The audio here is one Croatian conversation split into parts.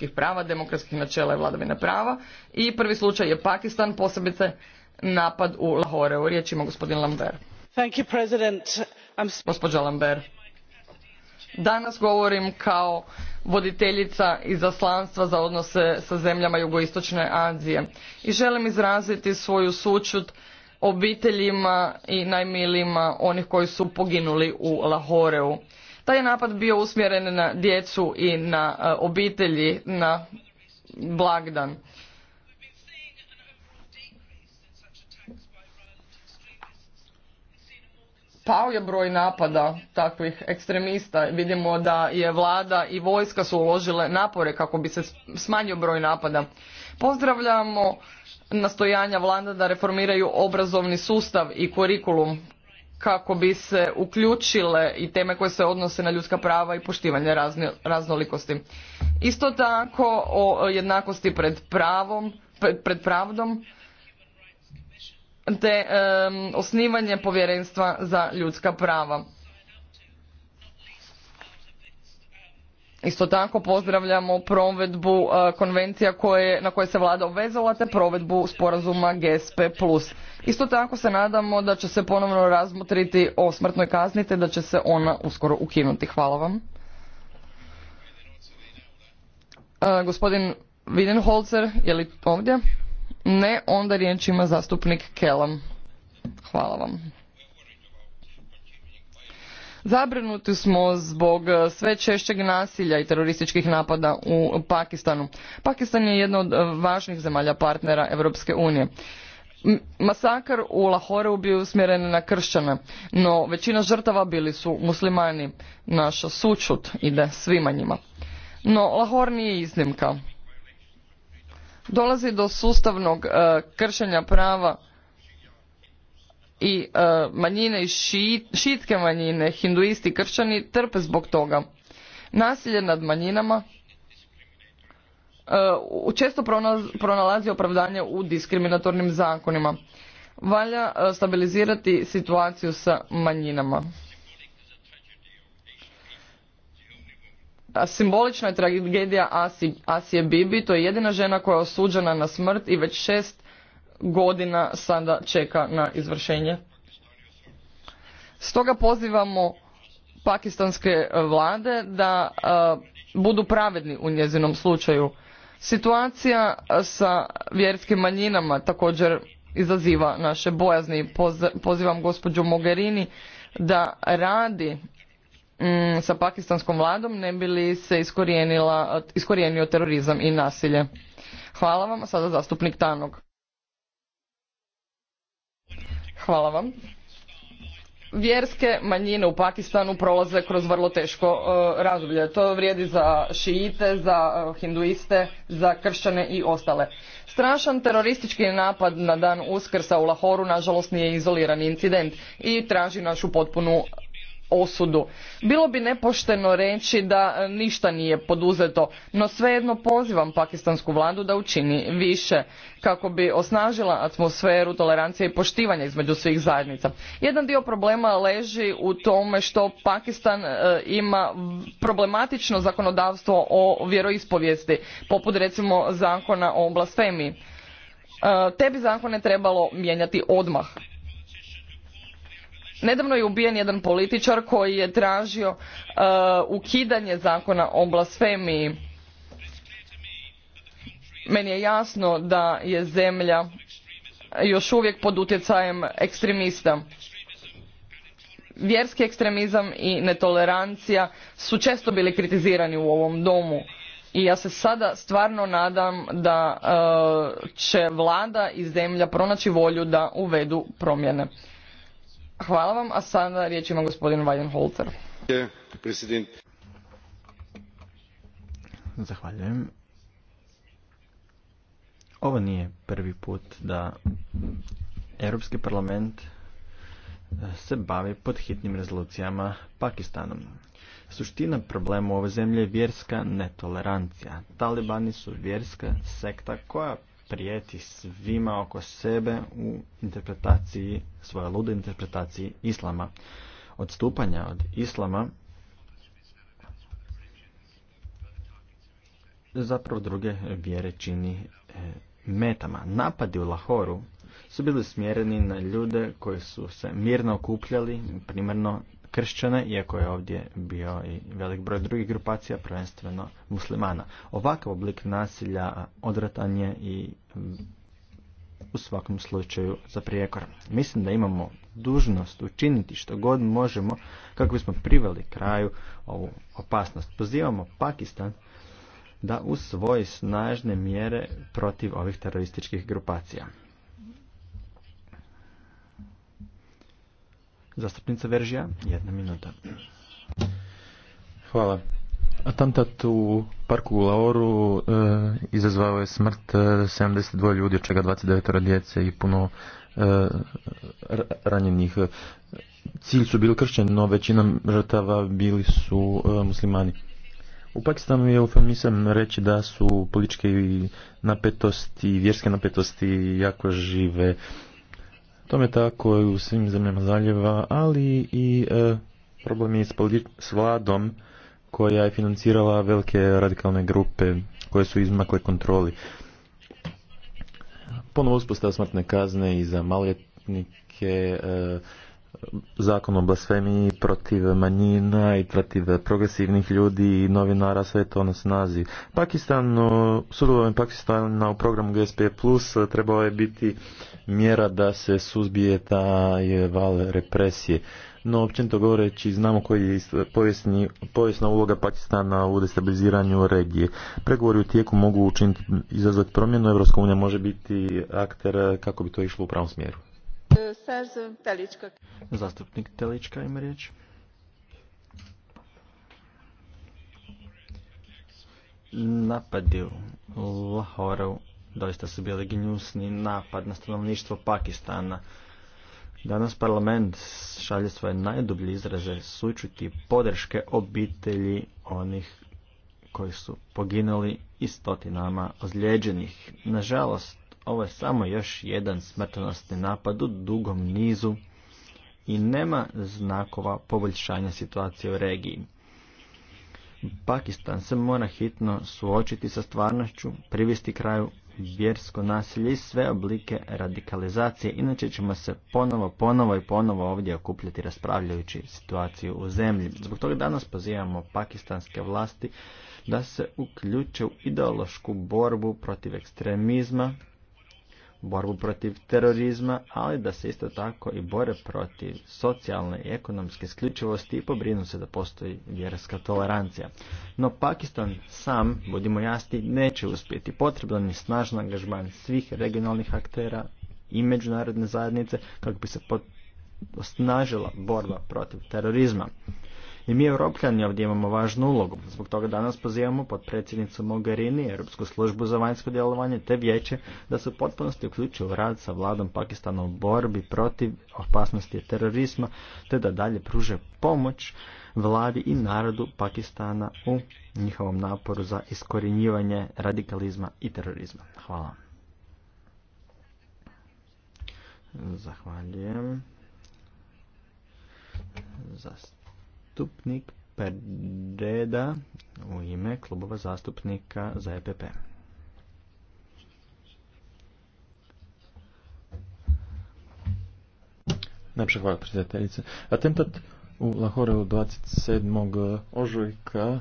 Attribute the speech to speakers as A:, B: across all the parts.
A: ljudskih prava, demokratskih načela i vladavine prava. I prvi slučaj je Pakistan, posebice napad u Lahore. U riječ ima gospodin Lambert. Thank you, President. I'm... Gospođa Lambert. Danas govorim kao voditeljica izaslanstva za odnose sa zemljama jugoistočne Azije i želim izraziti svoju sučut obiteljima i najmilijima onih koji su poginuli u Lahoreu. Taj je napad bio usmjeren na djecu i na e, obitelji na blagdan. Pao je broj napada takvih ekstremista. Vidimo da je vlada i vojska su uložile napore kako bi se smanjio broj napada. Pozdravljamo nastojanja vlada da reformiraju obrazovni sustav i kurikulum kako bi se uključile i teme koje se odnose na ljudska prava i poštivanje raznolikosti. Isto tako o jednakosti pred pravom, pred, pravdom, te osnivanje povjerenstva za ljudska prava. Isto tako pozdravljamo provedbu e, konvencija koje, na koje se vlada obvezala te provedbu sporazuma GSP+. Isto tako se nadamo da će se ponovno razmotriti o smrtnoj kazni te da će se ona uskoro ukinuti. Hvala vam. E, gospodin Widenholzer, je li ovdje? Ne, onda riječ ima zastupnik Kelam. Hvala vam. Zabrinuti smo zbog e, sve češćeg nasilja i terorističkih napada u Pakistanu. Pakistan je jedna od e, važnih zemalja partnera Europske unije. Masakar u Lahoreu bio usmjeren na kršćane, no većina žrtava bili su muslimani. Naša sučut ide svima njima. No, Lahor nije iznimka. Dolazi do sustavnog e, kršenja prava i e, manjine i šitke manjine, hinduisti i kršćani trpe zbog toga. Nasilje nad manjinama e, često pronalazi opravdanje u diskriminatornim zakonima. Valja e, stabilizirati situaciju sa manjinama. Simbolična je tragedija Asi, Asije Bibi, to je jedina žena koja je osuđena na smrt i već šest godina sada čeka na izvršenje. Stoga pozivamo pakistanske vlade da budu pravedni u njezinom slučaju. Situacija sa vjerskim manjinama također izaziva naše bojazni. Pozivam gospođu Mogherini da radi mm, sa pakistanskom vladom ne bi li se iskorijenio terorizam i nasilje. Hvala vam, sada zastupnik Tanog. Hvala vam. Vjerske manjine u Pakistanu prolaze kroz vrlo teško e, razdoblje. To vrijedi za šiite, za e, hinduiste, za kršćane i ostale. Strašan teroristički napad na dan uskrsa u Lahoru nažalost nije izolirani incident i traži našu potpunu osudu. Bilo bi nepošteno reći da e, ništa nije poduzeto, no svejedno pozivam pakistansku vladu da učini više kako bi osnažila atmosferu tolerancije i poštivanja između svih zajednica. Jedan dio problema leži u tome što Pakistan e, ima problematično zakonodavstvo o vjeroispovijesti, poput recimo zakona o blasfemiji. E, te bi zakone trebalo mijenjati odmah. Nedavno je ubijen jedan političar koji je tražio uh, ukidanje zakona o blasfemiji. Meni je jasno da je zemlja još uvijek pod utjecajem ekstremista. Vjerski ekstremizam i netolerancija su često bili kritizirani u ovom domu i ja se sada stvarno nadam da uh, će vlada i zemlja pronaći volju da uvedu promjene. Hvala vam, a sada riječ ima gospodin Weidenholzer.
B: Zahvaljujem.
C: Ovo nije prvi put da Europski parlament e, se bavi pod hitnim rezolucijama Pakistanom. Suština problema u ovoj zemlji je vjerska netolerancija. Talibani su vjerska sekta koja prijeti svima oko sebe u interpretaciji, svoje lude interpretaciji islama. Odstupanja od islama zapravo druge vjere čini e, metama. Napadi u Lahoru su bili smjereni na ljude koji su se mirno okupljali, primarno kršćane, iako je ovdje bio i velik broj drugih grupacija, prvenstveno muslimana. Ovakav oblik nasilja odratan je i mm, u svakom slučaju za prijekor. Mislim da imamo dužnost učiniti što god možemo kako bismo priveli kraju ovu opasnost. Pozivamo Pakistan da usvoji snažne mjere protiv ovih terorističkih grupacija. Zastupnica Veržija, jedna minuta.
B: Hvala. Atentat u parku u Laoru e, izazvao je smrt 72 eh, ljudi, od čega 29 djece i puno e, ranjenih. Cilj su bili kršćani, no većina žrtava bili su e, muslimani. U Pakistanu je eufemizam reći da su političke napetosti, vjerske napetosti jako žive. Tome je tako u svim zemljama zaljeva, ali i e, problem je s vladom koja je financirala velike radikalne grupe koje su izmakle kontroli. Ponovo uspostava smrtne kazne i za maljetnike. E, zakon o blasfemiji protiv manjina i protiv progresivnih ljudi i novinara, sve to na snazi. Pakistan, sudovom Pakistana u programu GSP Plus trebao je biti mjera da se suzbije ta val represije. No, općenito govoreći, znamo koji je povijesni, povijesna uloga Pakistana u destabiliziranju regije. Pregovori u tijeku mogu učiniti izazvati promjenu, Evropska unija može biti akter kako bi to išlo u pravom smjeru.
C: Zastupnik Telička ima riječ. Napadi u Lahoru doista su bili gnjusni napad na stanovništvo Pakistana. Danas parlament šalje svoje najdublje izraze sučuti podrške obitelji onih koji su poginuli i stotinama ozlijeđenih. Nažalost, ovo je samo još jedan smrtonosni napad u dugom nizu i nema znakova poboljšanja situacije u regiji. Pakistan se mora hitno suočiti sa stvarnošću, privesti kraju vjersko nasilje i sve oblike radikalizacije, inače ćemo se ponovo, ponovo i ponovo ovdje okupljati raspravljajući situaciju u zemlji. Zbog toga danas pozivamo pakistanske vlasti da se uključe u ideološku borbu protiv ekstremizma borbu protiv terorizma, ali da se isto tako i bore protiv socijalne i ekonomske isključivosti i pobrinu se da postoji vjerska tolerancija. No Pakistan sam, budimo jasni, neće uspjeti. Potreban je snažan angažman svih regionalnih aktera i međunarodne zajednice kako bi se osnažila borba protiv terorizma. I mi europljani ovdje imamo važnu ulogu. Zbog toga danas pozivamo pod predsjednicu Mogherini, Europsku službu za vanjsko djelovanje te vijeće da se u potpunosti uključi u rad sa vladom Pakistana u borbi protiv opasnosti terorizma te da dalje pruže pomoć vladi i narodu Pakistana u njihovom naporu za iskorjenjivanje radikalizma i terorizma. Hvala. Zahvaljujem. Zastavljujem zastupnik Pereda u ime klubova zastupnika za EPP.
B: Najpša hvala predsjedateljice. Atentat u u 27. Eh, ožujka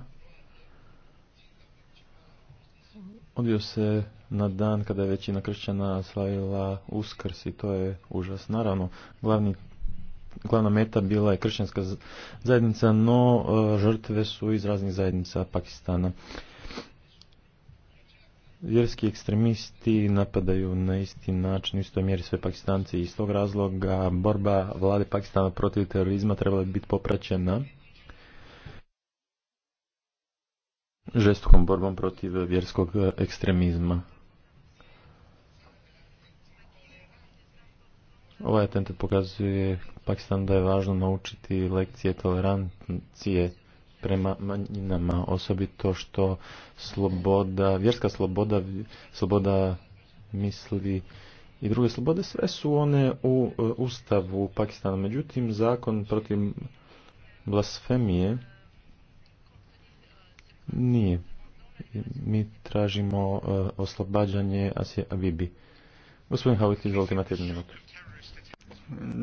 B: odvio se na dan kada je većina kršćana slavila uskrs i to je užas. Naravno, glavni glavna meta bila je kršćanska zajednica, no e, žrtve su iz raznih zajednica Pakistana. Vjerski ekstremisti napadaju na isti način, u istoj mjeri sve Pakistanci iz tog razloga borba vlade Pakistana protiv terorizma trebala biti popraćena žestokom borbom protiv vjerskog e, ekstremizma. Ovaj atentat pokazuje Pakistan da je važno naučiti lekcije tolerancije prema manjinama, osobito što sloboda, vjerska sloboda, sloboda misli i druge slobode, sve su one u e, ustavu Pakistana. Međutim, zakon protiv blasfemije nije. Mi tražimo e, oslobađanje Asije Abibi. Gospodin Havit, izvolite, imate jednu minutu.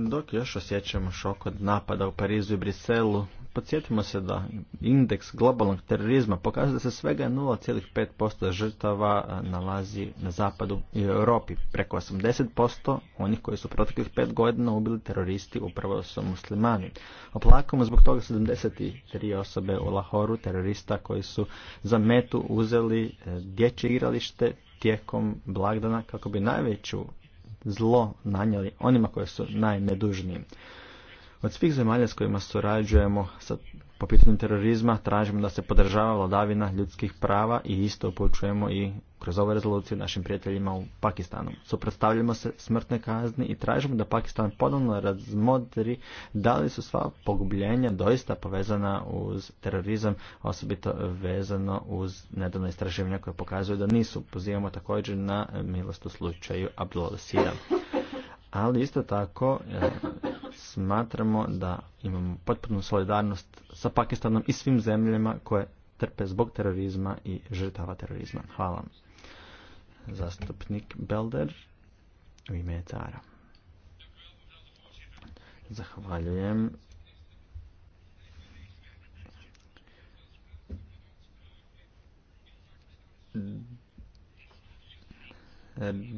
C: Dok još osjećamo šok od napada u Parizu i Briselu, podsjetimo se da indeks globalnog terorizma pokazuje da se svega 0,5% žrtava nalazi na zapadu i Europi. Preko 80% onih koji su proteklih pet godina ubili teroristi upravo su muslimani. Oplakamo zbog toga 73 osobe u Lahoru, terorista koji su za metu uzeli e, dječje igralište tijekom blagdana kako bi najveću zlo nanjeli onima koji su najnedužniji. Od svih zemalja s kojima surađujemo sa po pitanju terorizma tražimo da se podržava vladavina ljudskih prava i isto počujemo i kroz ovu rezoluciju našim prijateljima u Pakistanu. Suprotstavljamo se smrtne kazni i tražimo da Pakistan ponovno razmodri da li su sva pogubljenja doista povezana uz terorizam, osobito vezano uz nedavno istraživanja koje pokazuju da nisu. Pozivamo također na milost u slučaju Abdullah Ali isto tako e, smatramo da imamo potpunu solidarnost sa Pakistanom i svim zemljama koje trpe zbog terorizma i žrtava terorizma. Hvala. Zastupnik Belder u ime Cara. Zahvaljujem.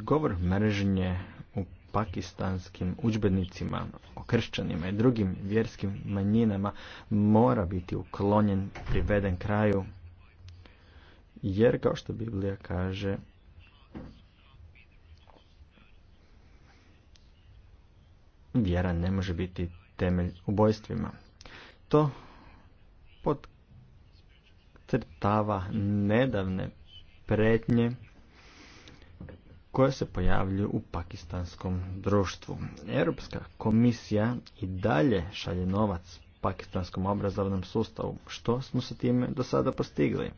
C: Govor mrežnje pakistanskim učbenicima o i drugim vjerskim manjinama mora biti uklonjen, priveden kraju, jer kao što Biblija kaže, vjera ne može biti temelj ubojstvima. To podcrtava nedavne pretnje koje se pojavljuju u pakistanskom društvu. Europska komisija i dalje šalje novac pakistanskom obrazovnom sustavu. Što smo sa time do sada postigli?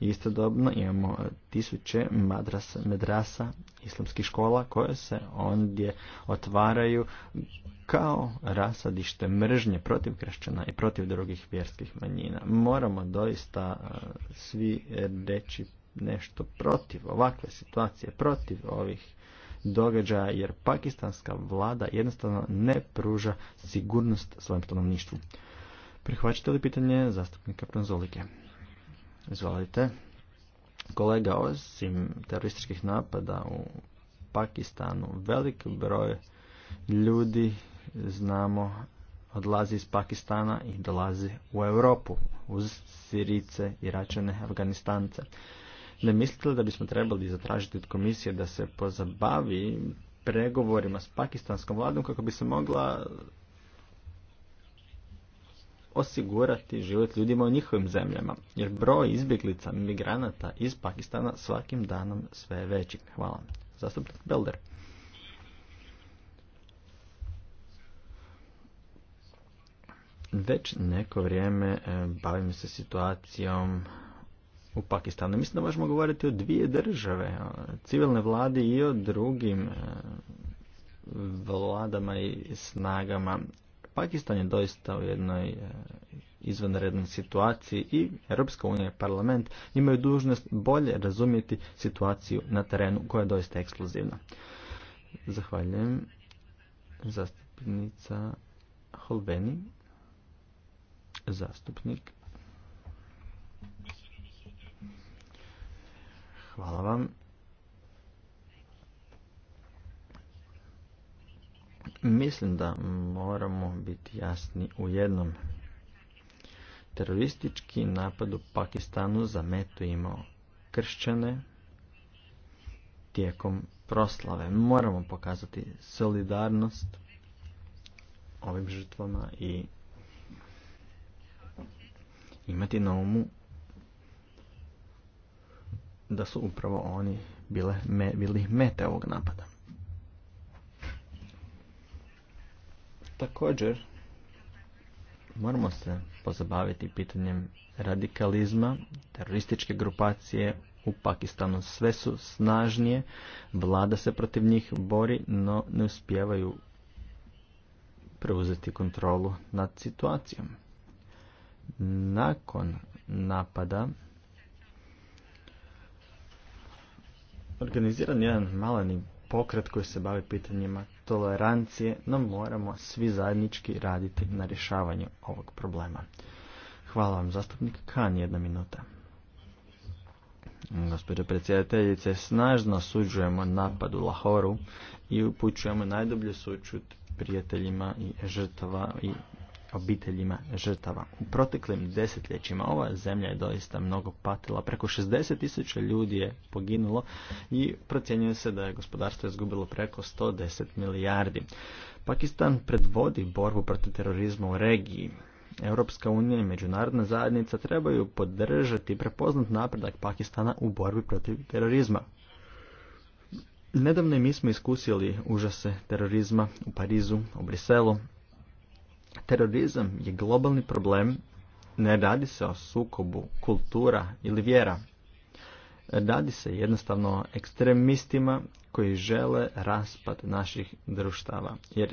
C: Istodobno imamo tisuće madrasa, medrasa, islamskih škola koje se ondje otvaraju kao rasadište mržnje protiv kršćana i protiv drugih vjerskih manjina. Moramo doista eh, svi reći nešto protiv ovakve situacije, protiv ovih događaja, jer pakistanska vlada jednostavno ne pruža sigurnost svojem stanovništvu. Prihvaćate li pitanje zastupnika Pranzolike? Izvolite. Kolega, osim terorističkih napada u Pakistanu, velik broj ljudi znamo odlazi iz Pakistana i dolazi u Europu uz Sirice, Iračane, Afganistance. Ne mislite li da bismo trebali zatražiti od komisije da se pozabavi pregovorima s pakistanskom vladom kako bi se mogla osigurati život ljudima u njihovim zemljama, jer broj izbjeglica, migranata iz Pakistana svakim danom sve je veći. Hvala. Zastupnik Belder. Već neko vrijeme e, bavim se situacijom u Pakistanu. Mislim da možemo govoriti o dvije države, o civilne vladi i o drugim e, vladama i snagama. Pakistan je doista u jednoj e, izvanrednoj situaciji i Europska unija i parlament imaju dužnost bolje razumjeti situaciju na terenu koja je doista ekskluzivna. Zahvaljujem. Zastupnica Holbeni. Zastupnik Hvala vam. Mislim da moramo biti jasni u jednom. Teroristički napad u Pakistanu za metu imao kršćane tijekom proslave. Moramo pokazati solidarnost ovim žrtvama i imati na umu da su upravo oni bile me, bili mete ovog napada. Također, moramo se pozabaviti pitanjem radikalizma, terorističke grupacije u Pakistanu sve su snažnije, vlada se protiv njih bori, no ne uspijevaju preuzeti kontrolu nad situacijom. Nakon napada organiziran jedan maleni pokret koji se bavi pitanjima tolerancije, no moramo svi zajednički raditi na rješavanju ovog problema. Hvala vam, zastupnik Kan, jedna minuta. Gospodine predsjedateljice, snažno suđujemo napad u Lahoru i upućujemo najdublju sučut prijateljima i žrtava i obiteljima žrtava. U proteklim desetljećima ova zemlja je doista mnogo patila. Preko 60 tisuća ljudi je poginulo i procjenjuje se da je gospodarstvo izgubilo preko 110 milijardi. Pakistan predvodi borbu protiv terorizma u regiji. Europska unija i međunarodna zajednica trebaju podržati prepoznat napredak Pakistana u borbi protiv terorizma. Nedavno mi smo iskusili užase terorizma u Parizu, u Briselu, Terorizam je globalni problem, ne radi se o sukobu kultura ili vjera. Radi se jednostavno o ekstremistima koji žele raspad naših društava, jer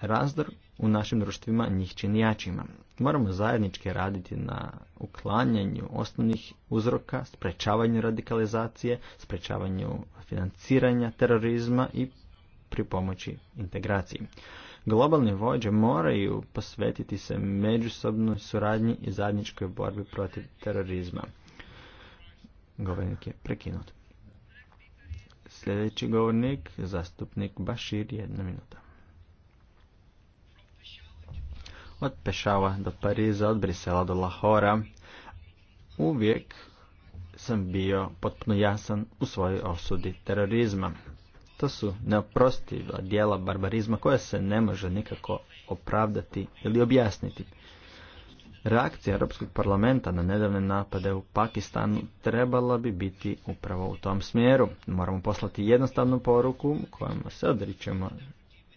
C: razdor u našim društvima njih čini jačima. Moramo zajednički raditi na uklanjanju osnovnih uzroka, sprečavanju radikalizacije, sprečavanju financiranja terorizma i pri pomoći integraciji. Globalni vođe moraju posvetiti se međusobnoj suradnji i zajedničkoj borbi protiv terorizma. Govornik je prekinut. Sljedeći govornik, zastupnik Bashir, jedna minuta. Od Pešava do Pariza, od Brisela do Lahora, uvijek sam bio potpuno jasan u svojoj osudi terorizma. To su neoprostiva dijela barbarizma koja se ne može nikako opravdati ili objasniti. Reakcija Europskog parlamenta na nedavne napade u Pakistanu trebala bi biti upravo u tom smjeru. Moramo poslati jednostavnu poruku kojom se odričemo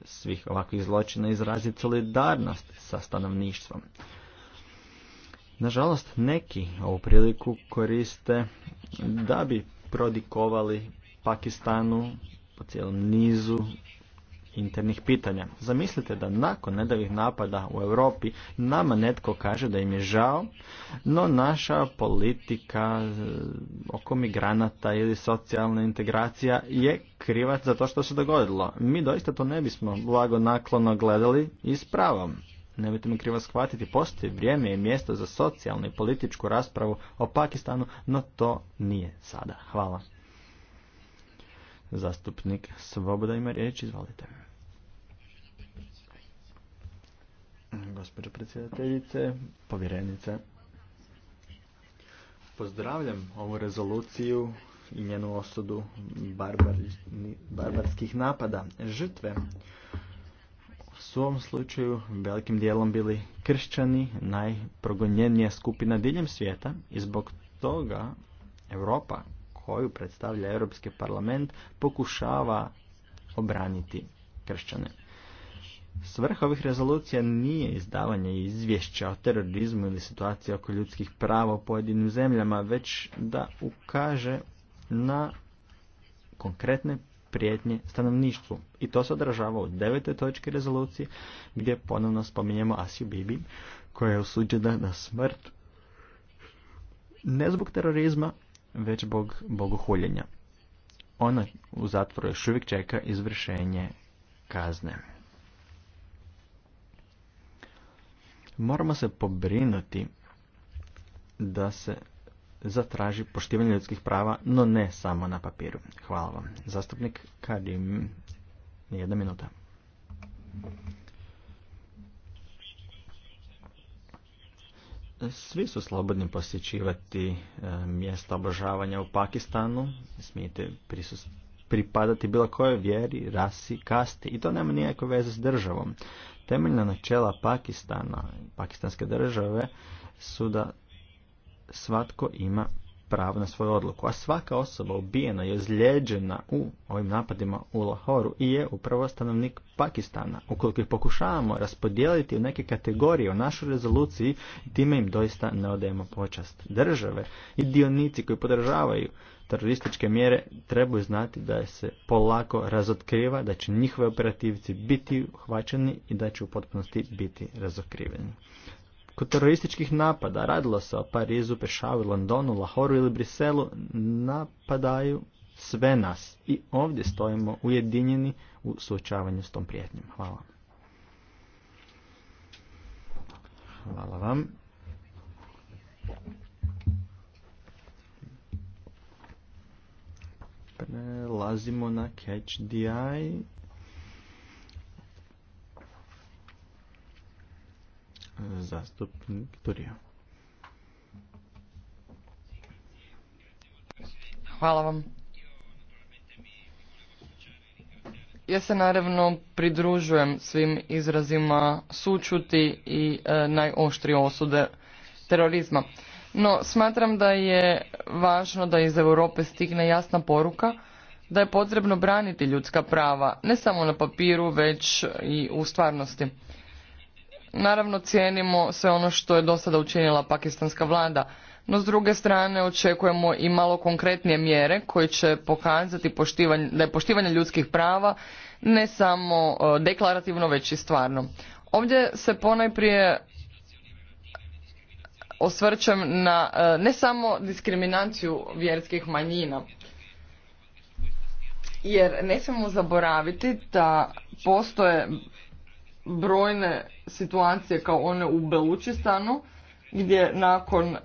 C: svih ovakvih zločina izraziti solidarnost sa stanovništvom. Nažalost, neki ovu priliku koriste da bi prodikovali Pakistanu o cijelom nizu internih pitanja. Zamislite da nakon nedavih napada u Europi nama netko kaže da im je žao, no naša politika eh, oko migranata ili socijalna integracija je krivac za to što se dogodilo. Mi doista to ne bismo blago naklono gledali i s pravom. Nemojte mi krivo shvatiti, postoji vrijeme i mjesto za socijalnu i političku raspravu o Pakistanu, no to nije sada. Hvala. Zastupnik Svoboda ima riječ, izvolite. Gospođo predsjedateljice, povjerenice,
B: pozdravljam
C: ovu rezoluciju i njenu osudu barbarskih napada. Žrtve u svom slučaju velikim dijelom bili kršćani, najprogonjenija skupina diljem svijeta i zbog toga Europa koju predstavlja Europski parlament pokušava obraniti kršćane. Svrha ovih rezolucija nije izdavanje izvješća o terorizmu ili situaciji oko ljudskih prava u pojedinim zemljama, već da ukaže na konkretne prijetnje stanovništvu. I to se odražava u devetoj točki rezolucije gdje ponovno spominjemo Asiju Bibi koja je osuđena na smrt ne zbog terorizma, već bog bogohuljenja. Ona u zatvoru još uvijek čeka izvršenje kazne. Moramo se pobrinuti da se zatraži poštivanje ljudskih prava, no ne samo na papiru. Hvala vam. Zastupnik Kadim. jedna minuta. Svi su slobodni posjećivati e, mjesta obožavanja u Pakistanu, smijete pripadati bilo kojoj vjeri, rasi, kasti i to nema nikakve veze s državom. Temeljna načela Pakistana, pakistanske države su da svatko ima pravo na svoju odluku. A svaka osoba ubijena i ozlijeđena u ovim napadima u Lahoru i je upravo stanovnik Pakistana. Ukoliko ih pokušavamo raspodijeliti u neke kategorije u našoj rezoluciji, time im doista ne odajemo počast. Države i dionici koji podržavaju terorističke mjere trebaju znati da se polako razotkriva, da će njihove operativci biti uhvaćeni i da će u potpunosti biti razokriveni. Kod terorističkih napada, radilo se o Parizu, Pešavu, Londonu, Lahoru ili Briselu, napadaju sve nas. I ovdje stojimo ujedinjeni u suočavanju s tom prijetnjom. Hvala. Hvala vam. Prelazimo na Catch eye. zastupnik
A: Hvala vam. Ja se naravno pridružujem svim izrazima sučuti i najoštri e, najoštrije osude terorizma. No, smatram da je važno da iz Europe stigne jasna poruka da je potrebno braniti ljudska prava, ne samo na papiru, već i u stvarnosti. Naravno cijenimo sve ono što je do sada učinila pakistanska vlada, no s druge strane očekujemo i malo konkretnije mjere koje će pokazati da je poštivanje ljudskih prava ne samo e, deklarativno već i stvarno. Ovdje se ponajprije osvrćem na e, ne samo diskriminaciju vjerskih manjina, jer ne smijemo zaboraviti da postoje brojne situacije kao one u Belučistanu gdje nakon e,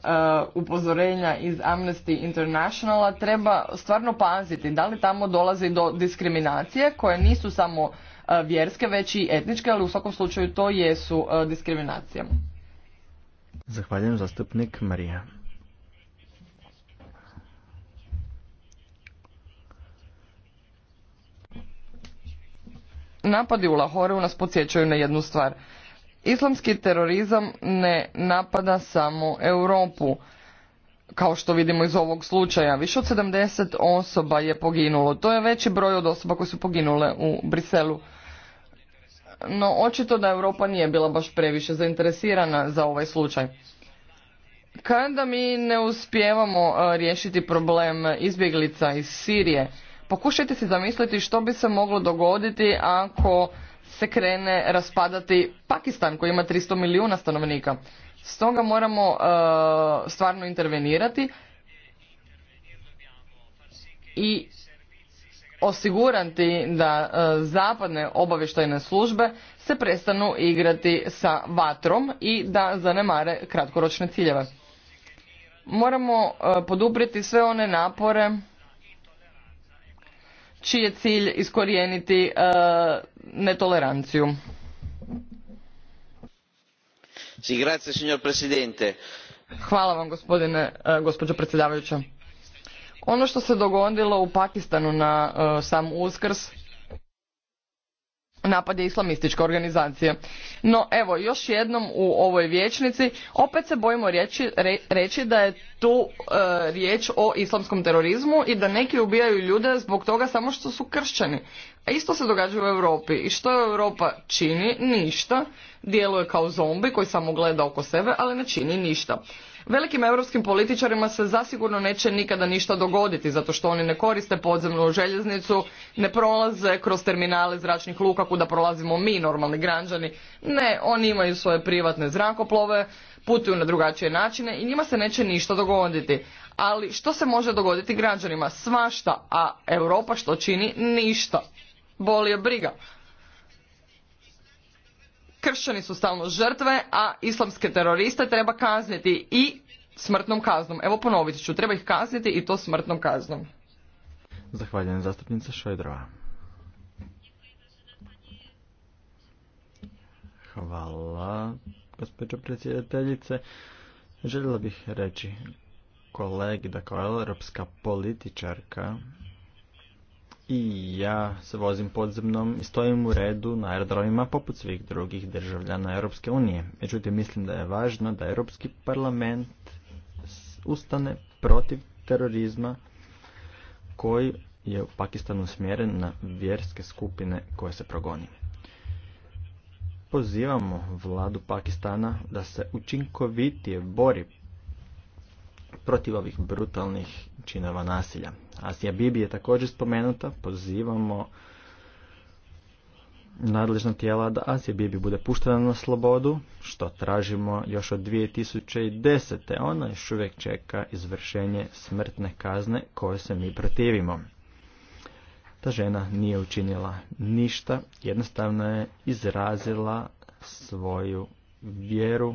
A: upozorenja iz Amnesty Internationala treba stvarno paziti da li tamo dolazi do diskriminacije koje nisu samo e, vjerske već i etničke, ali u svakom slučaju to jesu e, diskriminacije.
C: Zahvaljujem zastupnik Marija.
A: Napadi u Lahoreu nas podsjećaju na jednu stvar. Islamski terorizam ne napada samo Europu. Kao što vidimo iz ovog slučaja, više od 70 osoba je poginulo. To je veći broj od osoba koje su poginule u Briselu. No, očito da Europa nije bila baš previše zainteresirana za ovaj slučaj. Kada mi ne uspijevamo e, riješiti problem izbjeglica iz Sirije, Pokušajte si zamisliti što bi se moglo dogoditi ako se krene raspadati Pakistan koji ima 300 milijuna stanovnika. Stoga moramo e, stvarno intervenirati i osigurati da e, zapadne obavještajne službe se prestanu igrati sa vatrom i da zanemare kratkoročne ciljeve. Moramo uh, poduprijeti sve one napore čiji je cilj iskorijeniti e, netoleranciju. Hvala vam gospodine, e, gospođo predsjedavajuća. Ono što se dogodilo u Pakistanu na e, sam Uskrs napade islamističke organizacije. No evo, još jednom u ovoj vječnici opet se bojimo reći, da je tu e, riječ o islamskom terorizmu i da neki ubijaju ljude zbog toga samo što su kršćani. A isto se događa u Europi. I što Europa čini? Ništa. Djeluje kao zombi koji samo gleda oko sebe, ali ne čini ništa. Velikim europskim političarima se zasigurno neće nikada ništa dogoditi zato što oni ne koriste podzemnu željeznicu, ne prolaze kroz terminale zračnih luka kuda prolazimo mi normalni građani. Ne, oni imaju svoje privatne zrakoplove, putuju na drugačije načine i njima se neće ništa dogoditi. Ali što se može dogoditi građanima? Svašta, a Europa što čini? Ništa. Boli je briga kršćani su stalno žrtve, a islamske teroriste treba kazniti i smrtnom kaznom. Evo ponovit ću, treba ih kazniti i to smrtnom kaznom.
C: Zahvaljujem zastupnica Šojdrova. Hvala, gospođo predsjedateljice. Željela bih reći kolegi da kao europska političarka i ja se vozim podzemnom i stojim u redu na aerodromima poput svih drugih državljana Europske unije. Međutim, mislim da je važno da Europski parlament ustane protiv terorizma koji je u Pakistanu smjeren na vjerske skupine koje se progoni. Pozivamo vladu Pakistana da se učinkovitije bori protiv ovih brutalnih činova nasilja. Asija Bibi je također spomenuta, pozivamo nadležna tijela da Asija Bibi bude puštena na slobodu, što tražimo još od 2010. Ona još uvijek čeka izvršenje smrtne kazne koje se mi protivimo. Ta žena nije učinila ništa, jednostavno je izrazila svoju vjeru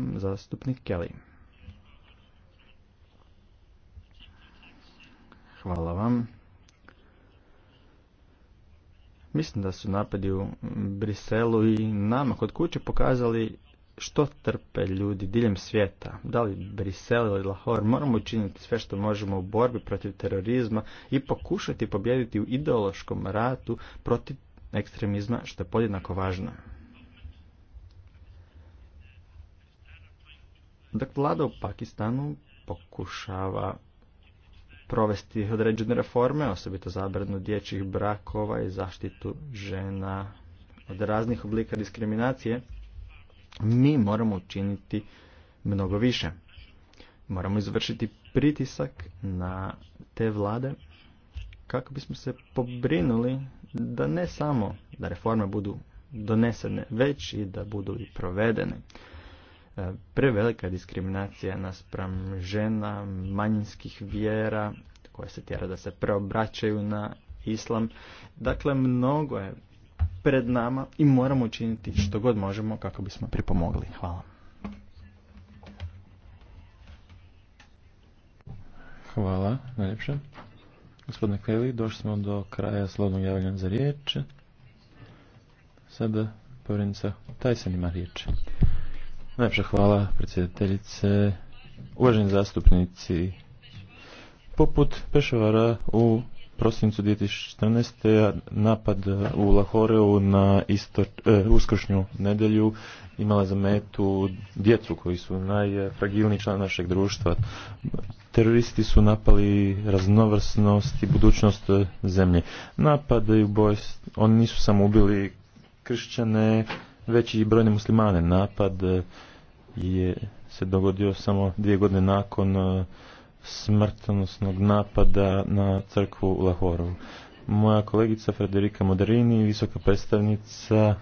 C: Zastupnik Kelly. Hvala vam. Mislim da su napadi u Briselu i nama kod kuće pokazali što trpe ljudi diljem svijeta. Da li Brisel ili Lahore, moramo učiniti sve što možemo u borbi protiv terorizma i pokušati pobijediti u ideološkom ratu protiv ekstremizma što je podjednako važno. Dakle, vlada u Pakistanu pokušava provesti određene reforme, osobito zabranu dječjih brakova i zaštitu žena od raznih oblika diskriminacije, mi moramo učiniti mnogo više. Moramo izvršiti pritisak na te vlade kako bismo se pobrinuli da ne samo da reforme budu donesene, već i da budu i provedene. E, prevelika diskriminacija naspram žena, manjinskih vjera, koje se tjera da se preobraćaju na islam. Dakle, mnogo je pred nama i moramo učiniti što god možemo kako bismo pripomogli.
B: Hvala. Hvala, najljepše. Gospodine Kelly, došli smo do kraja slobodnog javljanja za riječ. Sada taj se nima riječi. Najpša hvala predsjedateljice, uvaženi zastupnici. Poput pešavara u prosincu 2014. napad u Lahoreu na isto, e, uskršnju nedelju imala za metu djecu koji su najfragilniji član našeg društva. Teroristi su napali raznovrsnost i budućnost zemlje. Napadaju oni nisu samo ubili kršćane, već i brojne muslimane. Napad je se dogodio samo dvije godine nakon e, smrtonosnog napada na crkvu u Lahoru. Moja kolegica frederika Moderini, visoka predstavnica,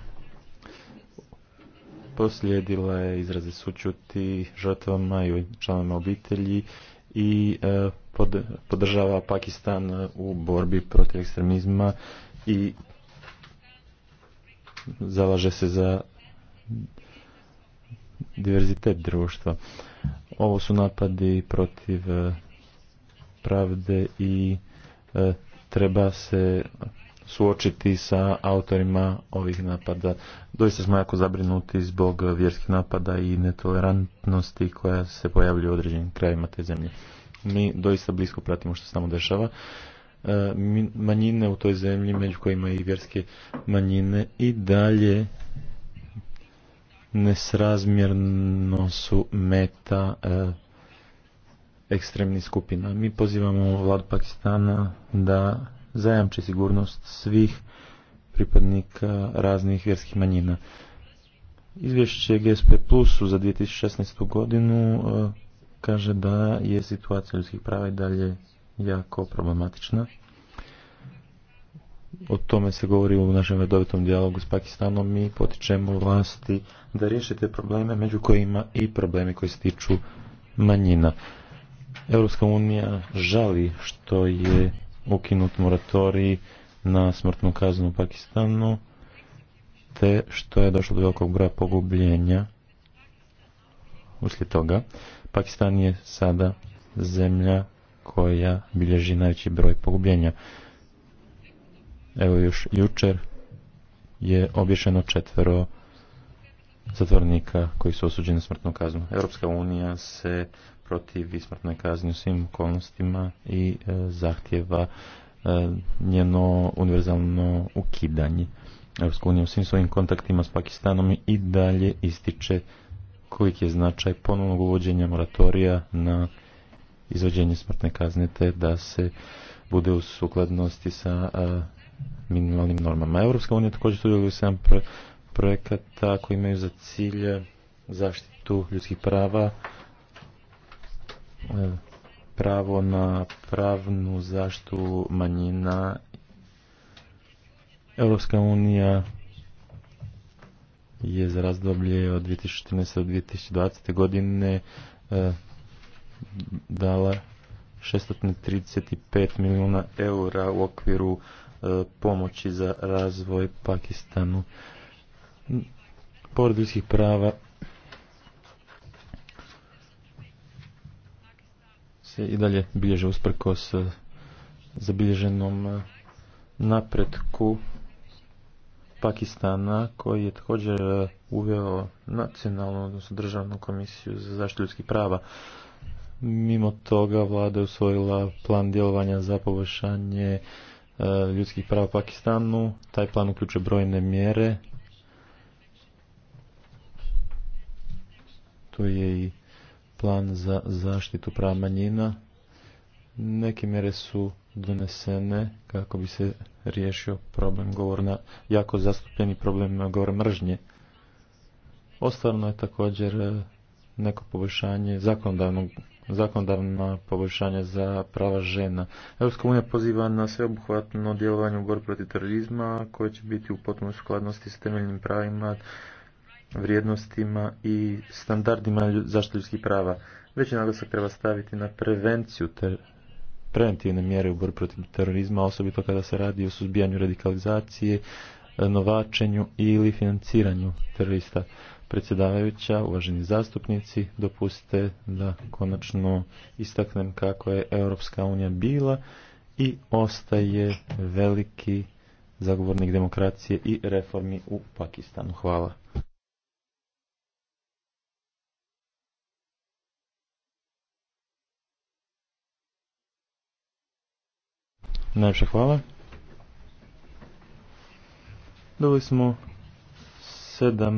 B: poslijedila je izraze sučuti žrtvama i članama obitelji i e, podržava Pakistan u borbi protiv ekstremizma i zalaže se za diverzitet društva. Ovo su napadi protiv e, pravde i e, treba se suočiti sa autorima ovih napada. Doista smo jako zabrinuti zbog vjerskih napada i netolerantnosti koja se pojavljuje u određenim krajevima te zemlje. Mi doista blisko pratimo što se tamo dešava. E, manjine u toj zemlji, među kojima i vjerske manjine, i dalje nesrazmjerno su meta e, ekstremnih skupina. Mi pozivamo vladu Pakistana da zajamči sigurnost svih pripadnika raznih vjerskih manjina. Izvješće GSP Plusu za 2016. godinu e, kaže da je situacija ljudskih prava i dalje jako problematična o tome se govori u našem redovitom dijalogu s Pakistanom. Mi potičemo vlasti da riješite probleme, među kojima i problemi koji se tiču manjina. Europska unija žali što je ukinut moratorij na smrtnu kaznu u Pakistanu, te što je došlo do velikog broja pogubljenja uslijed toga. Pakistan je sada zemlja koja bilježi najveći broj pogubljenja. Evo još jučer je obješeno četvero zatvornika koji su osuđeni na smrtnu kaznu. Europska unija se protivi smrtnoj kazni u svim okolnostima i e, zahtjeva e, njeno univerzalno ukidanje. Europska unija u svim svojim kontaktima s Pakistanom i dalje ističe koliki je značaj ponovnog uvođenja moratorija na izvođenje smrtne kazne te da se bude u sukladnosti sa e, minimalnim normama. Europska unija također sudjeluje sedam projekata koji imaju za cilj zaštitu ljudskih prava, e, pravo na pravnu zaštitu manjina. Europska unija je za razdoblje od 2014. do 2020. godine e, dala 635 milijuna eura u okviru pomoći za razvoj Pakistanu. Pored ljudskih prava se i dalje bilježe usprkos e, zabilježenom e, napretku Pakistana koji je također e, uveo nacionalnu, odnosno državnu komisiju za zaštitu ljudskih prava. Mimo toga vlada je usvojila plan djelovanja za poboljšanje E, ljudskih prava Pakistanu. Taj plan uključuje brojne mjere. to je i plan za zaštitu prava manjina. Neke mjere su donesene kako bi se riješio problem na jako zastupljeni problem govora mržnje. Ostvarno je također e, neko poboljšanje zakonodavnog zakonodavno poboljšanje za prava žena. Europska unija poziva na sveobuhvatno djelovanje u borbi protiv terorizma koje će biti u potpunoj skladnosti s temeljnim pravima, vrijednostima i standardima zaštite ljudskih prava. Veći se treba staviti na prevenciju ter preventivne mjere u borbi protiv terorizma, osobito kada se radi o suzbijanju radikalizacije, novačenju ili financiranju terorista predsjedavajuća, uvaženi zastupnici, dopustite da konačno istaknem kako je Europska unija bila i ostaje veliki zagovornik demokracije i reformi u Pakistanu. Hvala. Najviše hvala. Dobili smo sedam